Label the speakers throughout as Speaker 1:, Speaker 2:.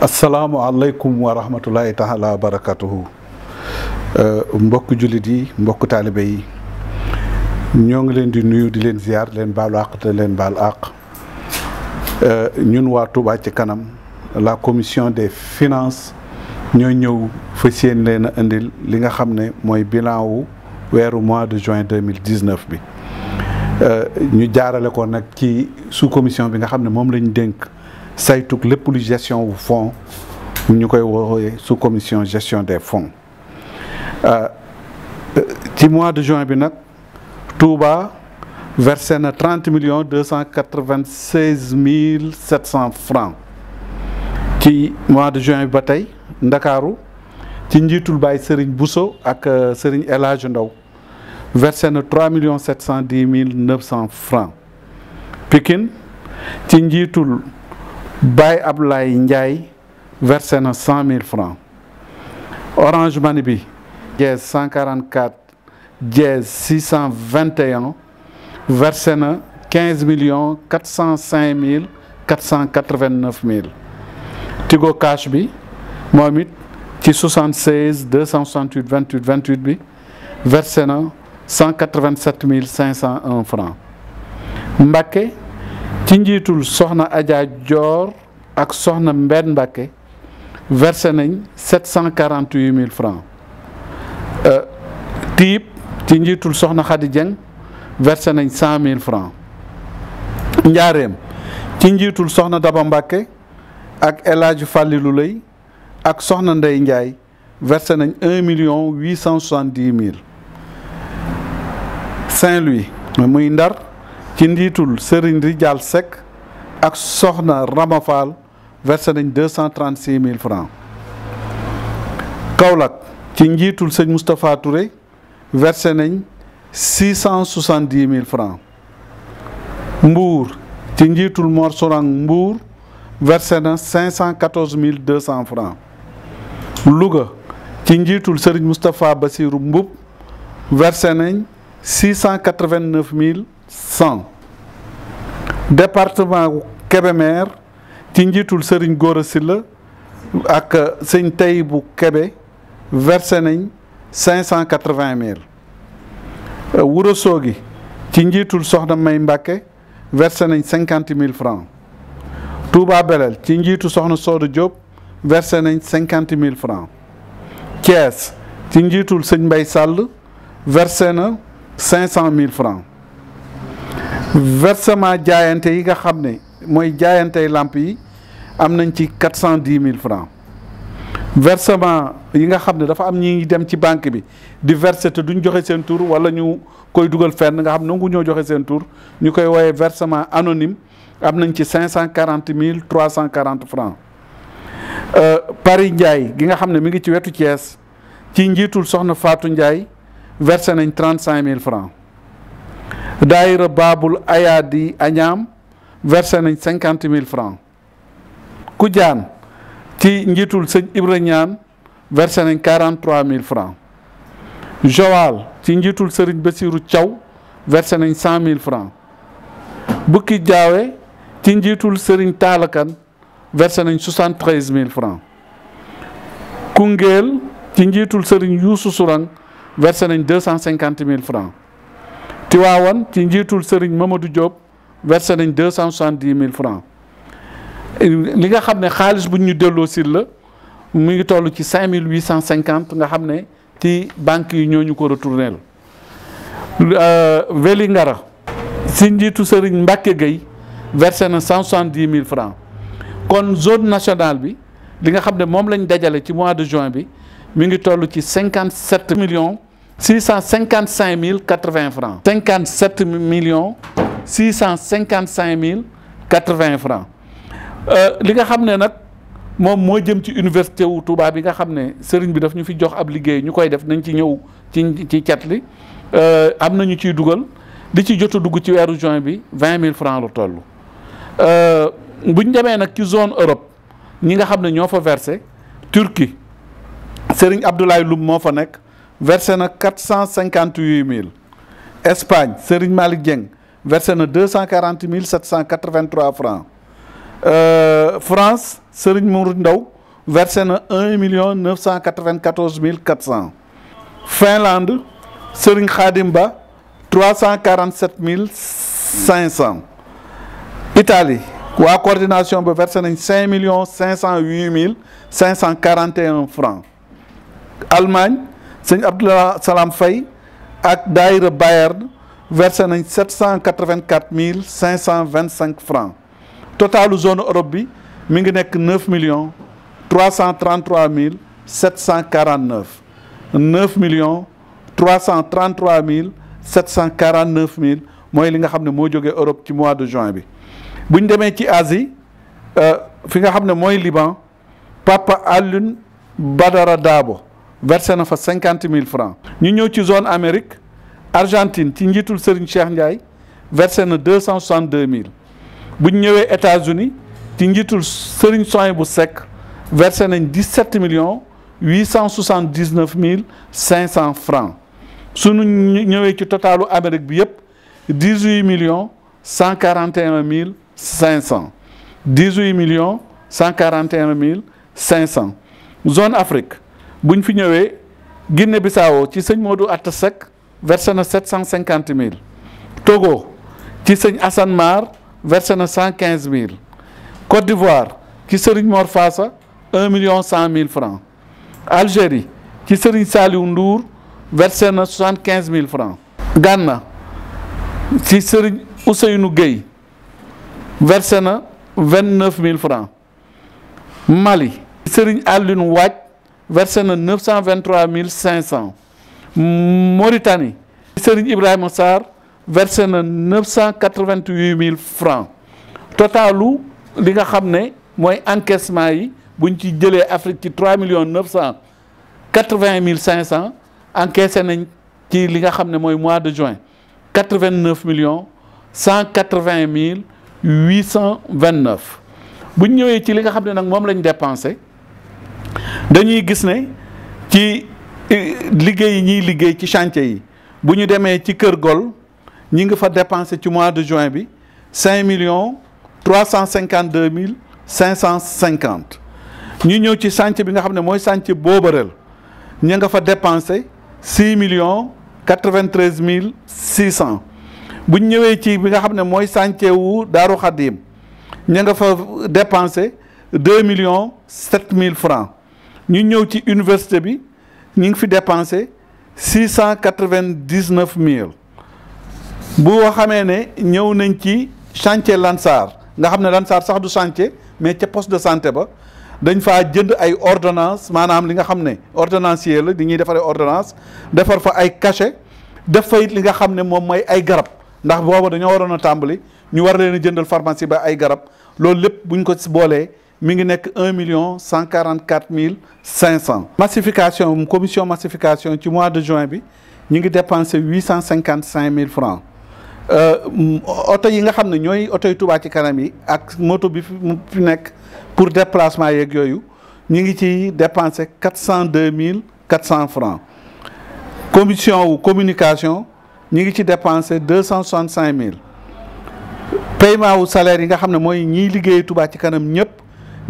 Speaker 1: asalaamu aleykum wa rahmatullahi taala wa barakatuhu uh, mbokk jullit yi mbokk taalibe yi ñoo ngi leen di nuyu di leen ziar leen baalu àq leen baal àq uh, ñun waa Touba ci kanam la commission des finance ñoo ñëw fa yéene leen a indil li nga xam ne mooy bilan wu weeru mois de juin deux mille dix-neuf bi uh, ñu jaarale ko nag ci sous commission bi nga xam ne moom lañu dénk saytug lépp lu gestion wu fonds ñu koy woowee sous commission gestion des fonds euh, ci mois de juin bi nag Touba versé na trente million deux cent quatre-vingt-seize mille sept cent francs ci mois de juin bi ba tey Ndakaaru ci njiitul baay Serigne Bousso ak euh, Serigne El Hadj Ndaw versé na trois million sept cent dix mille neuf cent francs Pikine ci njiitul Baye Ablaye Ndiaye versé na mille francs Orange Money bi dièse cent quarante quatre cent vingt et na quinze million quatre cent cinq mille quatre cent quatre mille Tigo Cash bi moom it ci soixante seize deux cent soixante huit vingt huit vingt huit bi versé na cent quatre mille cinq cent un francs Mbacké ci njiitul soxna Adja Dior ak soxna Mbène Mbacké versé nañ sept cent quarante huit mille francs euh, tiib ci njiitul soxna Khady Dieng versé nañ cent mille francs njaareem ci njiitul soxna Daba Mbacké ak El Hadj Lay ak soxna Ndey Ndiaye versé nañ un million huit cent soixante dix mille Saint-Louis muy Ndar. ci ndiitul Serigne Rijal Seck ak Soxna Rama Fall versé nañ deux cent trente six mille francs Kaolack ci njiitul sëñ Moustapha Touré versé nañ six cent soixante mille francs Mbour ci njiitul Mor Sorang Mbour versé na cinq cent quatorze mille deux cent francs Louga ci njiitul Serigne Moustapha Bassirou Mboub versé nañ six cent quatre mille cent département Kébémer ci njiitul Serigne Gora Sylla ak sëñ bu Kébé versé nañ cinq cent quatre-vingt mille Ourossogui ci njiitul Soxna May Mbàkke versé nañ cinquante mille francs Touba Belel ci njiitu Soxna Soodu Diop versé nañ cinquante mille francs Thiès ci njiitul sëñ Mbay Sàll versé na cinq cent mille francs versement jaayante yi nga xam ne mooy jaayantey làmp yi am nañ ci quatre cent dix mille francs versement yi nga xam ne dafa am ñi dem ci banque bi di verser te duñ joxe seen tur wala ñu koy dugal fenn nga xam nangu ñoo joxe seen tur ñu koy woowee versement anonyme am nañ ci cinq cent quarante mille trois cent quarante francs euh, Paris Ndiaye gi nga xam ne mi ngi ci wetu Thiès ci njiitul soxna Fatou Ndiaye versé nañ trente cinq mille francs daayira baabul di añaam versé nañ cinquante mille francs ku ci njiitul sëñ Ibra Ñaan versé nañ quarante mille francs Joal ci njiitul sëriñ Basiiru Thiaw versé nañ cent mille francs bukki jaawe ci njiitul sëriñ taalakan versé nañ soixante treize mille francs Koungheul ci njiitul sëriñ Yuusu Surang versé nañ deux cent cinquante mille francs Tiwaawan ci njiitul Serigne Mamadou Diop versé nañ deux cent soixante-dix mille francs li nga xam ne xaalis bu ñu delloo si la mu ngi toll ci cinq mille huit cent cinquante nga xam ne ci banque yi ñoo ñu ko retourné la. Weli euh, Ngara si njiitu Serigne Mbacke Gueye versé na cent soixante-dix mille francs kon zone nationale bi li nga xam ne moom lañ dajale ci mois de juin bi mi ngi toll ci cinquante sept million six cent cinquante cinq mille quatre vingt francs cinquante sept millions six cent cinquante cinq mille quatre vingt francs euh, li nga xam ne nag moom moo jëm ci université wu tubaab yi nga xam ne sëriñ bi daf ñu fi jox ab liggéey ñu koy def nañ ci ñëw ci ci cat li euh, am nañu ciy dugal li ci jot dugg ci weeru juin bi vingt mille francs la toll euh, buñ demee nag ci zone Europe ñi nga xam ne ñoo fa versé Turquie sëriñ Abdoulaye Loum moo fa nekk. versé na quatre cent cinquante mille Espagne Serigne Malick Dieng versé na deux cent quarante mille sept cent quatre vingt trois francs euh, France Serigne Mourou Ndaw versé na un million neuf cent quatre vingt quatorze mille quatre cent Finlande Serigne Khadim Ba trois cent quarante sept mille cinq cent Italie waa coordination ba versé nañ cinq millions cinq cent huit mille cinq cent quarante et Allemagne. sëñ Abdoulah Salam Faye ak daayira Bayern versé nañ sept cent quatre vingt mille cinq cent vingt-cinq francs totalu zone Europe bi mi ngi nekk neuf millions trois cent trente mille sept cent quarante-neuf neuf millions trois cent trente mille sept cent quarante-neuf mille mooy li nga xam ne moo jógee Europe ci mois de juin bi bu ñu demee ci asi euh, fi nga xam ne mooy Liban Papa Alioune Badara Dabo versé na fa cinquante mille francs ñu ñëw ci zone Amérique Argentine ci njiitul Serigne Cheikh Ndiaye versé na deux cent deux mille bu ñu ñëwee États-Unis ci njiitul Serigne Soin bu Seck versé nañ dix sept millions huit cent soixante dix neuf mille cinq cent francs suñu ñëwee ci totalu Amérique bi yëpp dix huit millions cent quarante mille cinq cent dix huit millions cent quarante et mille cinq cent zone Afrique. bu buñ fi ñëwee Guinée Bissau ci sëñ Modou Atta Seck versé na sept cent cinquante mille Togo ci sëñ Assane Mar versé na cent quinze mille Côte d'Ivoire ci sëriñ Mor Fassa un million cent mille francs Algérie ci sëriñ Saliou Ndour versé na soixante quinze mille francs Ghana ci sëriñ Ousseynou Gueye versé na vingt neuf mille francs Mali sëriñ Alioune Waaj versé na neuf cent vingt trois mille cinq cent Mauritanie Serigne Ibrahima Sarr versé na neuf cent quatre vingt mille francs totalu li nga xam ne mooy encaissement yi buñ ci jëlee Afrique ci trois millions neuf cent quatre vingt mille cinq cent encaissé nañ ci li nga xam ne mooy mois de juin quatre vingt millions cent quatre vingt mille huit cent vingt neuf buñ ñëwee ci li nga xam ne nag moom lañ dépensé dañuy gis ne ci eh, liggéey yi ñuy liggéey ci chantier yi bu ñu demee ci Kër Gol ñu ngi fa dépensé ci mois de juin bi cinq millions trois cent cinquante deux mille cinq cent cinquante ñu ñëw ci chantier bi nga xam ne mooy chantier Boobareel ñu nga fa dépensé six millions quatre vingt mille six cent bu ñëwee ci bi nga xam ne mooy chantier wu Daaru Xadim ña nga fa dépensé deux millions sept mille francs ñu ñëw ci université bi ñu ngi fi dépensé six cent quatre-vingt-dix-neuf mille bu xamee ne ñëw nañ ci chantier Lansar nga xam ne Lansar sax du chantier mais ca poste de santé ba dañ faa jënd ay ordonance maanaam li nga xam ne ordonnancier la di ñuy defaree ordonnance defar fa ay cachet def fa it li nga xam ne moom mooy ay garab ndax booba dañoo waroon a tàmbali ñu war leen a jëndal pharmacie ba ay garab loolu lépp buñ ko boolee mi ngi nekk un million cent quarante quatre mille cinq cent. massification commission massification ci mois de juin bi ñu ngi dépensé huit cent cinquante cinq mille francs euh, oto yi nga xam ne ñooy oto yu Touba ci kanam yi ak moto bi fi nekk pour déplacement yeeg yooyu ñu ngi ci dépensé quatre cent deux mille quatre cent francs commission wu communication ñu ngi ci dépensé deux cent soixante cinq mille paiement wu salaire yi nga xam ne mooy ñiy liggéey Touba ci kanam ñëpp.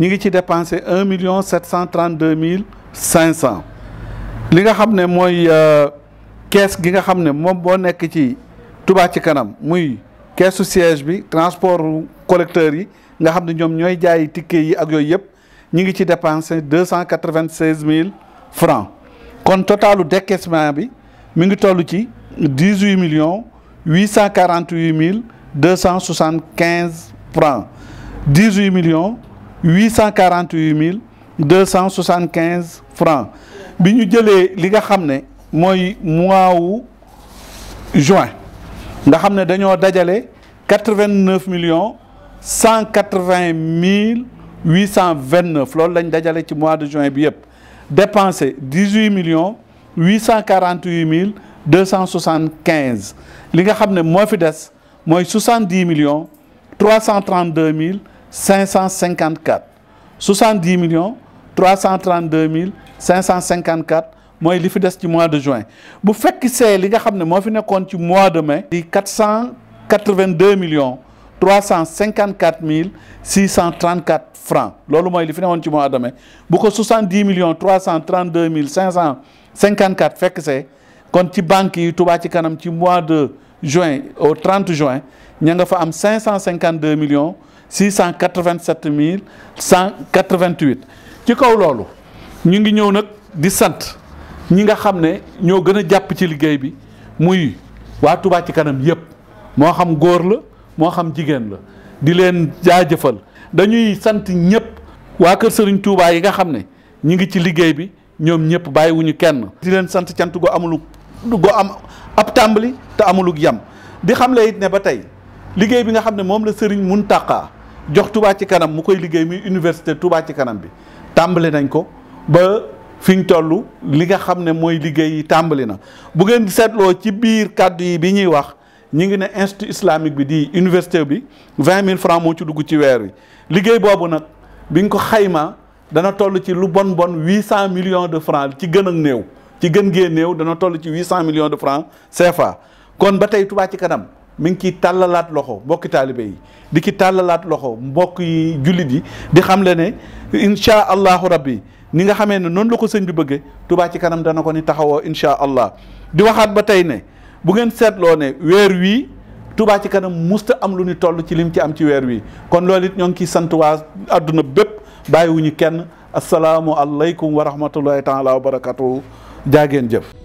Speaker 1: ñu ngi ci dépensé un million sept cent trente deux mille cinq cent li nga xam ne mooy euh, kees gi nga xam ne moom boo nekk ci Touba ci kanam muy keesu siège bi transport collecteur yi nga xam ne ñoom ñooy jaayi ticket yi ak yooyu yëpp ñu ngi ci dépensé deux cent quatre vingt seize mille francs kon totalu décaissement bi mi ngi toll ci dix huit millions cent quarante huit mille deux cent soixante quinze francs dix huit millions. cent 848 mille deux cent quinze francs bi ñu jëlee li nga xam ne mooy mois wu juin nga xam ne dañoo dajale 89 millions 180 mille 829 loolu lañ dajale ci mois de juin bi yëpp dépensé 18 millions 848 mille deux 275 li nga xam ne moo fi des mooy 70 millions 332 mille cinq cent cinquante quatre soixante dix millions trois cent trente deux mille cinq cent cinquante quatre mooy li fi des ci mois de juin bu fekk see li nga xam ne moo fi nekkoon ci mois de mai. di quatre cent quatre vingt deux millions trois cent cinquante quatre mille six cent trente francs loolu mooy li fi nekkoon ci mois de mai bu ko soixante dix millions trois cent trente deux mille cinq cent cinquante quatre fekk see kon ci banque yi Touba ci kanam ci mois de juin au 30 juin ña nga fa am cinq cent cinquante deux millions. 687 mille 188 ci kaw loolu ñu ngi ñëw nag di sant ñi nga xam ne ñoo gën a jàpp ci liggéey bi muy waa Touba ci kanam yépp moo xam góor la moo xam jigéen la di leen jaajëfal dañuy sant ñépp waa kër Serigne Touba yi nga xam ne ñu ngi ci liggéey bi ñoom ñépp bàyyiwuñu kenn di leen sant cant go amulug go am ab tàmbali te amulug yam di xamle it ne ba tey liggéey bi nga xam ne moom la mun Mountakha jox Touba ci kanam mu koy liggéey muy université Touba ci kanam bi tàmbali nañ ko ba fi ñu toll li nga xam ne mooy liggéey yi tàmbali na bu ngeen seetloo ci biir kàddu yi bi ñuy wax ñu ngi ne institut islamique bi di université bi vingt mille francs moo ci dugg ci weer wi liggéey boobu nag bi biñ ko xayma dana toll ci lu bon bon huit cent million de francs ci gën ak néew ci gën gee néew dana toll ci huit cent million de francs CFA kon ba tey ci kanam mi ngi ciy tàllalaat loxo mbokki taalibe yi di ci tàllalaat loxo mbokk yi jullit yi di xam le ne incha allahu rabbi ni nga xamee ne noonu la ko sëñ bi bëggee Touba ci kanam dana ko ni taxawoo incha allah di waxaat ba tey ne bu ngeen seetloo ne weer wii tubaa ci kanam musta am lu ñu toll ci lim ci am ci weer wii kon loolu it ñoo ngi ciy sant waa àdduna bépp ñu kenn asalaamualeykum wa rahmatullahi taala wa barakatuhu jaageen jëf